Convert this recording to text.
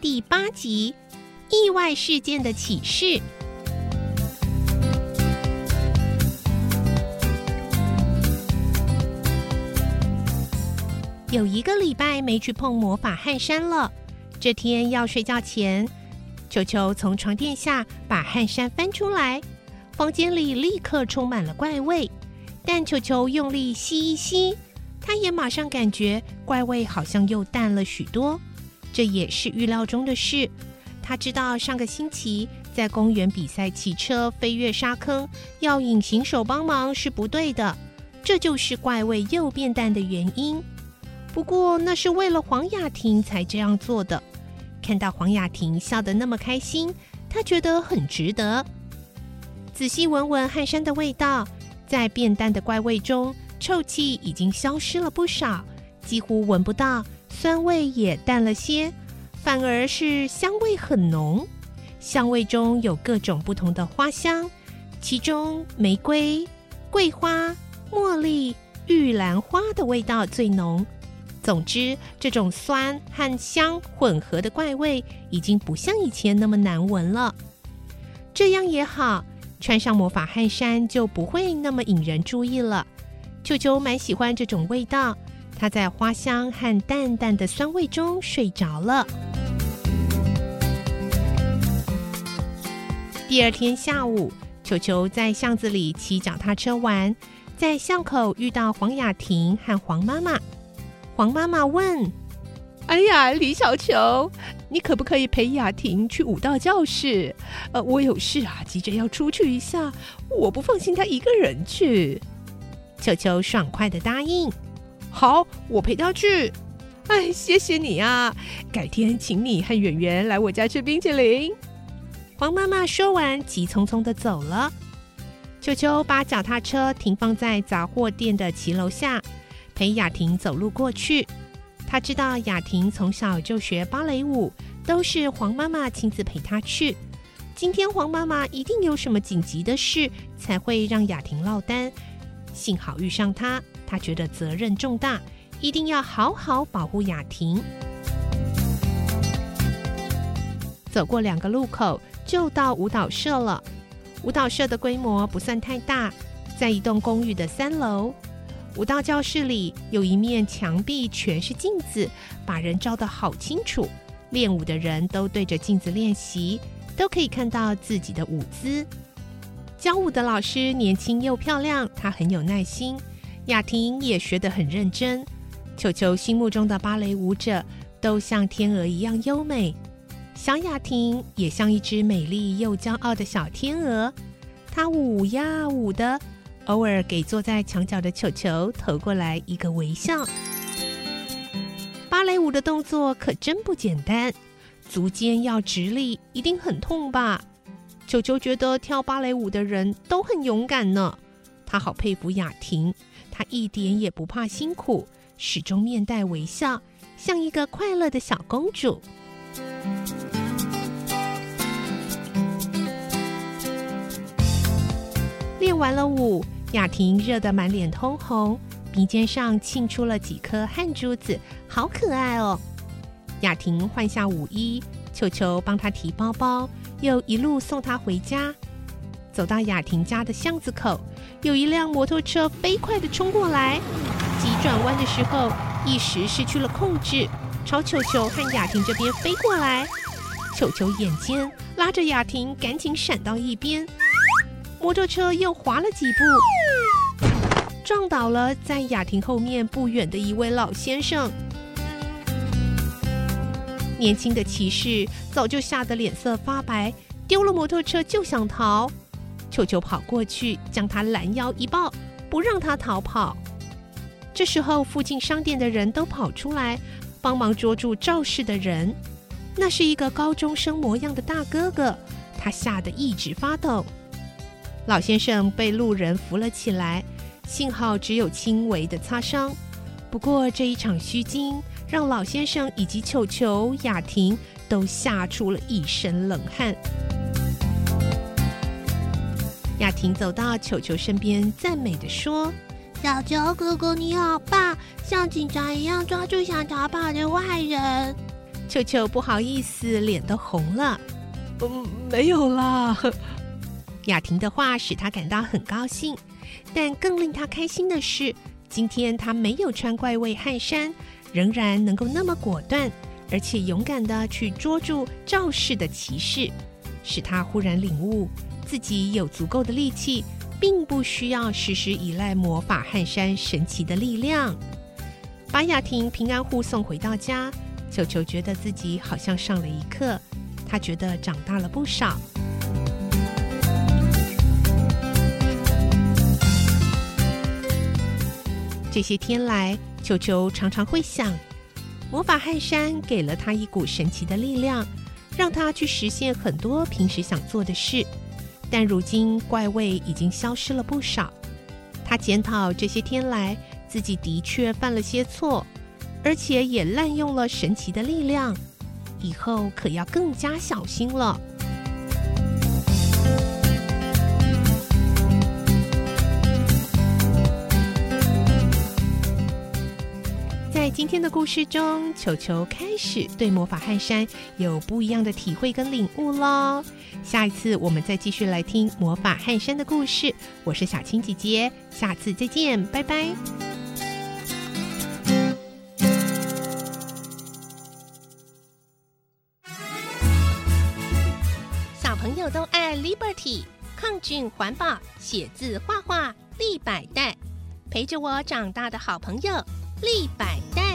第八集《意外事件的啟示》有一個禮拜沒去碰魔法汗衫了。這天要睡覺前，裘裘從床墊下把汗衫翻出來，房間裡立刻充滿了怪味。但裘裘用力吸一吸，他也馬上感覺怪味好像又淡了許多。這也是預料中的事。他知道上個星期在公園比賽騎車飛越沙坑，要隱形手幫忙是不對的。這就是怪味又變淡的原因。不過，那是為了黃雅婷才這樣做的。看到黃雅婷笑得那麼開心，他覺得很值得。仔細聞聞汗衫的味道，在變淡的怪味中，臭氣已經消失了不少，幾乎聞不到。酸味也淡了些，反而是香味很濃。香味中有各種不同的花香，其中玫瑰、桂花、茉莉、玉蘭花的味道最濃。總之，這種酸和香混合的怪味已經不像以前那麼難聞了。這樣也好，穿上魔法汗衫就不會那麼引人注意了。裘裘蠻喜歡這種味道。他在花香和淡淡的酸味中睡着了。第二天下午，裘裘在巷子裡騎腳踏車玩，在巷口遇到黃雅婷和黃媽媽。黃媽媽問：“哎呀，李小裘，你可不可以陪雅婷去舞蹈教室？呃，我有事啊，急着要出去一下，我不放心她一個人去。”裘裘爽快的答應。好，我陪他去。哎，謝謝你啊！改天請你和圓圓來我家吃冰淇淋。黃媽媽說完，急匆匆地走了。裘裘把腳踏車停放在雜貨店的騎樓下，陪雅婷走路過去。他知道雅婷從小就學芭蕾舞，都是黃媽媽親自陪她去。今天黃媽媽一定有什麼緊急的事，才會讓雅婷落單。幸好遇上他。他覺得責任重大，一定要好好保護雅婷。走過兩個路口就到舞蹈社了。舞蹈社的規模不算太大，在一棟公寓的三樓。舞蹈教室裡有一面牆壁全是鏡子，把人照得好清楚。練舞的人都對着鏡子練習，都可以看到自己的舞姿。教舞的老師年輕又漂亮，她很有耐心。雅婷也學得很認真，裘裘心目中的芭蕾舞者都像天鵝一樣優美，小雅婷也像一隻美麗又驕傲的小天鵝。她舞呀舞的，偶爾給坐在牆角的裘裘投過來一個微笑。芭蕾舞的動作可真不簡單，足尖要直立，一定很痛吧？裘裘覺得跳芭蕾舞的人都很勇敢呢，他好佩服雅婷。她一點也不怕辛苦，始終面帶微笑，像一個快樂的小公主。 練完了舞，雅婷熱得滿臉通紅，鼻尖上沁出了幾顆汗珠子，好可愛哦！雅婷換下舞衣，裘裘幫她提包包，又一路送她回家。走到雅婷家的巷子口，有一輛摩托車飛快地衝過來，急轉彎的時候，一時失去了控制，朝裘裘和雅婷這邊飛過來。裘裘眼尖，拉着雅婷趕緊閃到一邊。摩托車又滑了幾步，撞倒了在雅婷後面不遠的一位老先生。年輕的騎士早就嚇得臉色發白，丟了摩托車就想逃。裘裘跑過去，將他攔腰一抱，不讓他逃跑。這時候，附近商店的人都跑出來，幫忙捉住肇事的人。那是一個高中生模樣的大哥哥，他嚇得一直發抖。老先生被路人扶了起來，幸好只有輕微的擦傷。不過，這一場虛驚讓老先生以及裘裘、雅婷都嚇出了一身冷汗。雅婷走到球球身邊，讚美地說：“小球哥哥你好棒，像警察一樣抓住想逃跑的外人。”球球不好意思，臉都紅了。“嗯，沒有啦。”雅婷的話使他感到很高興，但更令他開心的是，今天他沒有穿怪味汗衫，仍然能夠那麼果斷而且勇敢地去捉住肇事的騎士，使他忽然領悟，自己有足夠的力氣，並不需要時時依賴魔法汗衫神奇的力量。把雅婷平安護送回到家，裘裘覺得自己好像上了一課，他覺得長大了不少。這些天來，裘裘常常會想，魔法汗衫給了他一股神奇的力量，讓他去實現很多平時想做的事。但如今怪味已經消失了不少。他檢討這些天來自己的確犯了些錯，而且也濫用了神奇的力量，以後可要更加小心了。在今天的故事中，裘裘開始對魔法汗衫有不一樣的體會跟領悟嘍。下一次我們再繼續來聽魔法汗衫的故事。我是小青姐姐，下次再見，拜拜。小朋友都愛 Liberty，抗菌環保，寫字畫畫立百代，陪着我長大的好朋友立百代。